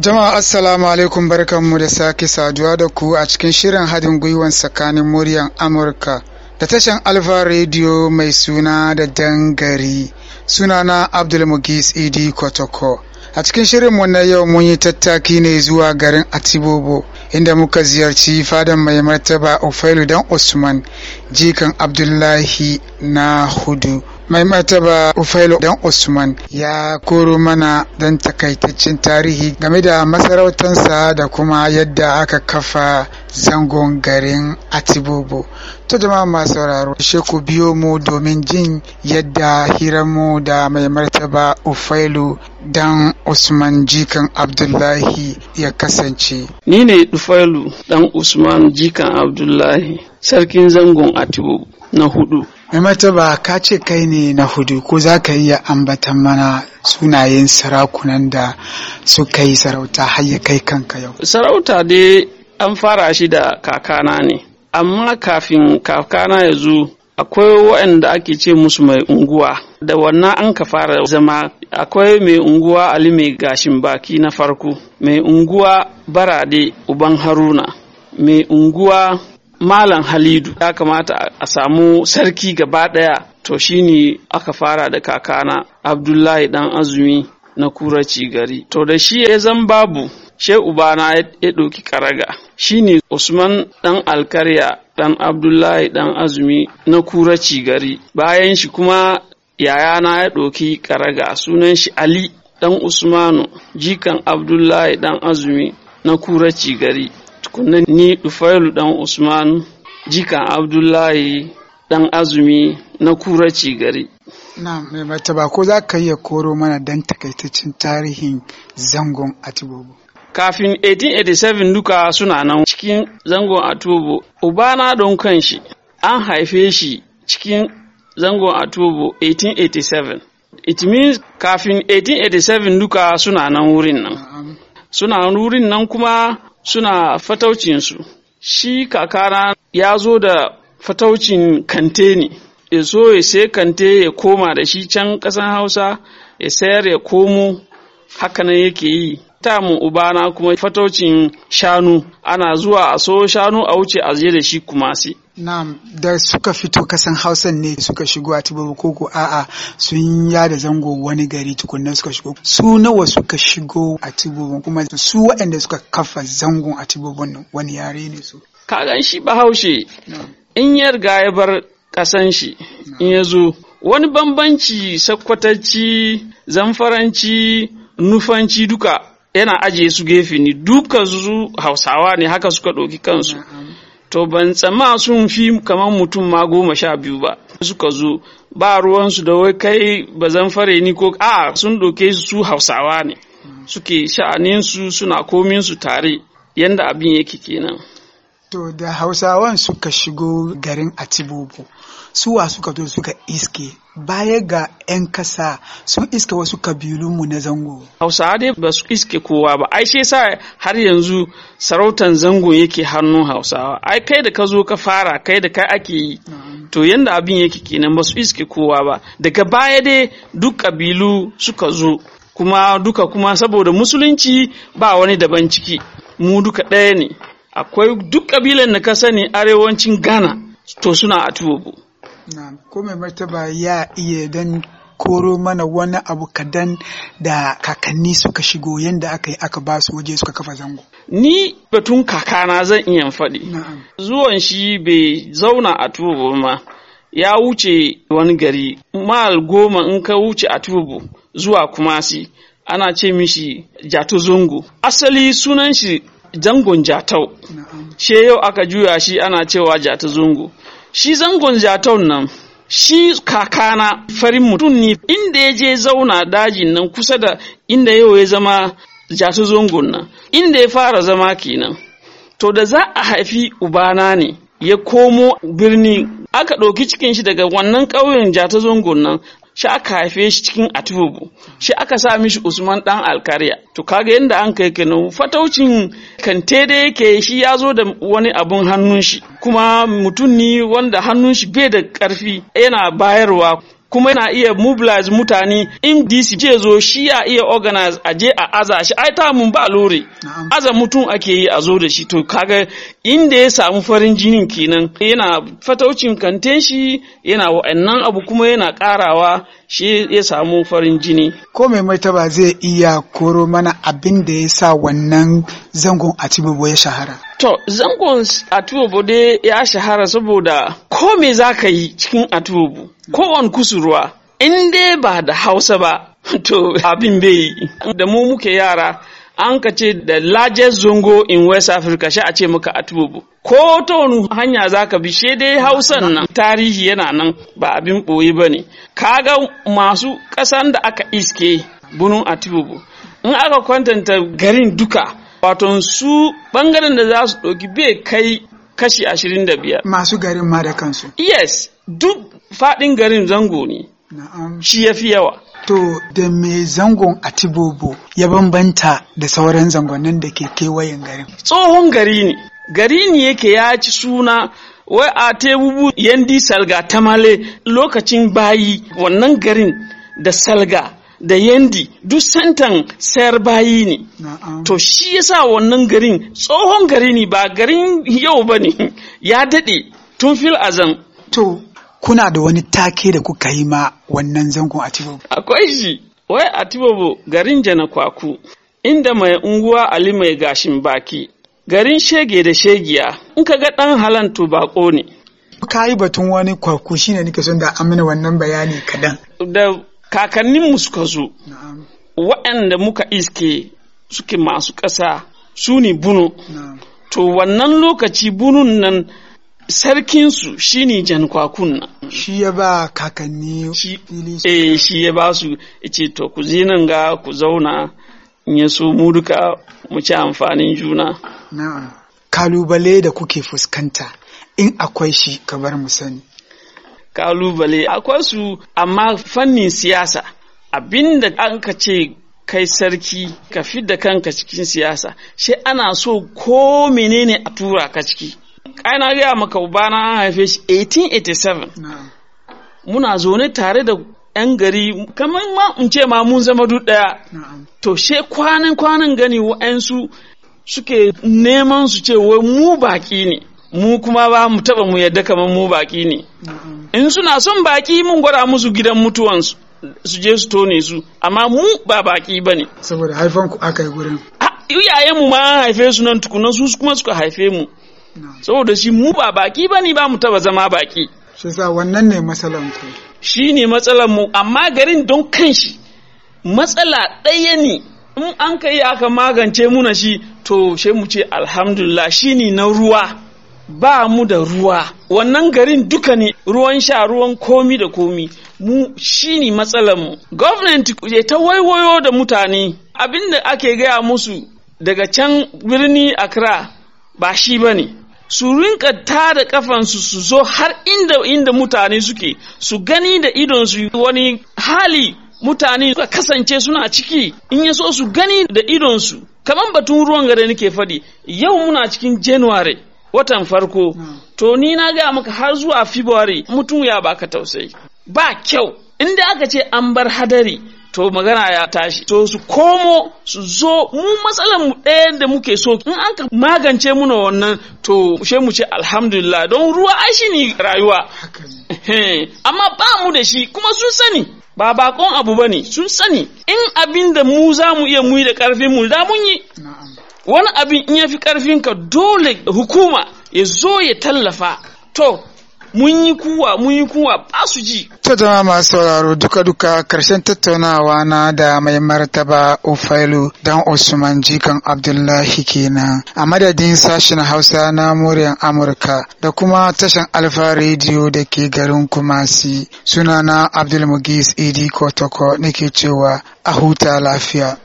Jama'a assalamu alaikum barkanmu da sake saduwa da ku a cikin shirin haɗin gwiwan tsakanin muryan Amurka da tashan Alfa Radio mai suna da dangari sunana Abdul Mugis Idi Kotoko. A cikin shirin mu na yau mun yi tattaki ne zuwa garin Atibobo inda muka ziyarci fadan mai martaba Ofailu dan Usman jikan Abdullahi na Hudu mai martaba ufailo dan usman ya koro mana dan takaitaccen tarihi game da masarautansa da kuma yadda aka kafa zangon garin atibobo ta jama'a masu sauraro she ku biyo mu domin jin yadda mu da mai martaba ufailo dan usman jikan abdullahi ya kasance ni ne ufailu dan usman jikan abdullahi sarkin zangon atibobo na hudu Mai martaba ka ce kai ne na hudu ko za ka iya ambatan mana sunayen sarakunan da suka yi sarauta har ya kai kanka yau. Sarauta dai an fara shi da kakana ne, amma kafin kakana ya zo akwai waɗanda ake ce musu mai unguwa da wannan an ka fara zama akwai mai unguwa Ali mai gashin baki na farko, mai unguwa Barade Uban Haruna, mai unguwa malam halidu ya kamata a samu sarki gaba ɗaya to ne aka fara da kakana abdullahi dan azumi na kura gari to da shi ya zan babu she ubana ya ɗauki karaga ne usman dan alkarya dan abdullahi dan azumi na kura gari bayan shi kuma yayana ya ɗauki karaga sunan shi ali dan usmanu jikan abdullahi dan azumi na kura gari tukunna ni Dufailu dan Usman jikan Abdullahi dan Azumi na ci gari. Na mai martaba ko za ka iya koro mana dan takaitaccen tarihin zangon Atibobo. Kafin 1887 duka suna nan cikin zangon Atibobo, Ubana don kanshi an haife shi cikin zangon Atibobo 1887. It means kafin 1887 duka suna nan wurin nan. Suna wurin nan kuma suna fataucinsu shi kakana ya zo da fataucin kante ne ya zo ya sai kante ya koma da shi can ƙasan hausa ya sayar ya komo hakanan yake yi ta mu ubana kuma fataucin shanu ana zuwa a so shanu a wuce a je da shi kumasi na da suka fito kasan Hausan ne suka shigo a Tibabu koko a'a sun ya da zango wani gari tukunan suka shigo. Su nawa suka shigo a Tibabu kuma su waɗanda suka kafa zangon a Tibabu wani yare ne su. Kagan shi Bahaushe in ya riga ya bar kasan shi in ya zo wani bambanci sakwatacci, zamfaranci nufanci duka yana ajiye su gefe ni duka hausawa ne haka suka ɗauki kansu. to ban tsama sun fi kamar mutum ma goma sha biyu ba suka zo ba ruwansu da wai kai ba zan fare ni ko a sun ɗauke su su hausawa ne suke sha'aninsu suna su tare yanda abin yake kenan To da Hausawan suka shigo garin a Atibubu, suwa suka zo suka iske baya ga 'yan kasa sun iske wasu kabilunmu na zango. Hausawa dai ba su iske kowa ba, ai sai sa har yanzu sarautan zango yake hannun Hausawa. Ai kai da ka zo ka fara kai da kai ake yi. To yadda abin yake kenan ba su iske kowa ba. Daga baya dai duk kabilu suka zo. Kuma duka kuma saboda musulunci ba wani daban ciki. Mu duka ɗaya ne. akwai duk kabilan da ka sani arewacin ghana to suna a tubu kome martaba ya iya dan koro mana wani abu kadan da kakanni suka shigo yadda aka yi aka ba su waje suka kafa zango ni batun kakana zan iya faɗi zuwan shi bai zauna a tubu ma ya wuce wani gari mal goma in ka wuce a tubu zuwa kumasi ana ce mishi jato zongo asali sunan shi zangon jatau shi yau aka juya shi ana cewa jata zungu shi zangon jatau nan shi kakana farin mutum ne inda ya je zauna dajin nan kusa da inda yau ya zama jata zungun nan inda ya fara zama kenan to da za a haifi ubana ne ya komo birni aka ɗauki cikin shi daga wannan ƙauyen jata zungun nan shi aka haife shi cikin atubu shi aka sa mishi usman dan alkarya to kaga yadda an kai kenan fataucin kante da yake shi ya zo da wani abun hannun shi kuma mutum ne wanda hannun shi bai da karfi yana bayarwa kuma yana iya mobilize mutane in DC zo shi ya iya organize a je a aza shi ai ta mun ba lore aza mutum ake yi a zo da shi to kaga inda ya samu farin jinin kenan yana fataucin kanten shi yana wa'annan abu kuma yana karawa shi ya samu farin jini. Ko mai martaba zai iya koro mana abin da ya sa wannan zangon a Tibobo ya shahara? To, zangon a Tibobo dai ya shahara saboda ko me za ka yi cikin a Tibobo, ko wani kusurwa, in dai ba da Hausa ba, to abin bai yi. Da mu muke yara, an ka ce the largest zongo in west africa Sha a ce maka atubu ko ta wani hanya za ka bi she dai hausan nan tarihi yana nan ba abin ɓoye ba ne kaga masu kasan da aka iske bunun atubu in aka kwantanta garin duka wato su ɓangaren da za su ɗauki bai kai kashi ashirin da biyar masu garin ma da kansu yes duk faɗin garin zango ne shi ya fi yawa To da me zangon a Tibobo ya bambanta da sauran zangonnin da ke kewayen garin? Tsohon gari ne, gari ne yake ya ci suna wai a tebubu yandi salga ta male. lokacin bayi wannan garin da salga da yandi duk santan sayar bayi ne. To shi yasa wannan garin tsohon gari ne ba garin yau ba ne ya daɗe tun fil azan. To kuna da wani take da kuka yi ma wannan zangon Atibobo? Akwai shi, wai Atibobo garin jana kwaku, inda mai unguwa Ali mai gashin baki, garin shege da shegiya, in ka ga ɗan halantu bako ne. Ka yi batun wani kwaku shi ne son da amina wannan bayani kadan. Da kakanninmu suka zo, waɗanda muka iske suke masu ƙasa su ne bunu. To wannan lokaci bunun nan sarkinsu shi ne jan nan. Shi ya ba kakanni Eh shi ya ba su ce to ku zinan ga ku zauna in ya so mu duka mu ci amfanin juna. Kalubale da kuke fuskanta in akwai shi ka mu sani. Kalubale akwai su amma fannin siyasa abinda an ka ce kai sarki ka fi da kanka cikin siyasa shi ana so ko menene a tura ka ciki. kai na gaya maka bana an haife shi 1887 muna zaune tare da yan gari kamar ma in ce ma mun zama duk daya to she kwanan kwanan gani wa'ansu suke neman su ce wai mu baki ne mu kuma ba mu taba mu yadda kamar mu baki ne in suna son baki mun gwada musu gidan mutuwansu su je su tone su amma mu ba baki ba ne saboda haifan ku aka yi gurin iyayen mu ma haife su nan tukunan su kuma suka haife mu saboda shi mu ba baki ba ne ba mu taba zama baki shi sa wannan ne matsalan ku shi ne matsalan mu amma garin don kan shi matsala ɗaya ne in an kai aka magance muna shi to sai mu ce alhamdulillah shi ne na ruwa ba mu da ruwa wannan garin duka ne ruwan sha ruwan komi da komi mu shi ne shine mu. gwamnati ya ta waiwayo da mutane abin da ake gaya musu daga can birni accra ba shi ba ne su rinka da kafansu su zo har inda inda mutane suke su gani da idonsu wani hali mutane suka kasance suna ciki in ya so su gani da idonsu kamar batun ruwan gare nake faɗi yau muna cikin january watan farko to ni na gaya maka har zuwa february mutum ya baka tausayi ba kyau inda aka ce an bar hadari to magana ya tashi to su komo su zo mu matsalar mu ɗaya da muke so in an ka magance muna wannan to she mu ce alhamdulillah don ruwa ai shi ne rayuwa amma ba mu da shi kuma sun sani ba bakon abu bane sun sani in abin da mu za mu iya muyi da karfin mu da mun yi wani abin in ya fi karfin ka dole hukuma ya zo ya tallafa to mun yi kuwa mun yi kuwa ba su ji Ta zama masu sauraro duka duka karshen tattaunawa na da mai martaba Ofailu dan Usman Jikan Abdullahi kenan a madadin sashen Hausa na muryar Amurka da kuma tashan Alfa Radio da ke garin Kumasi sunana Abdulmugis Idi Kotoko nake cewa a huta lafiya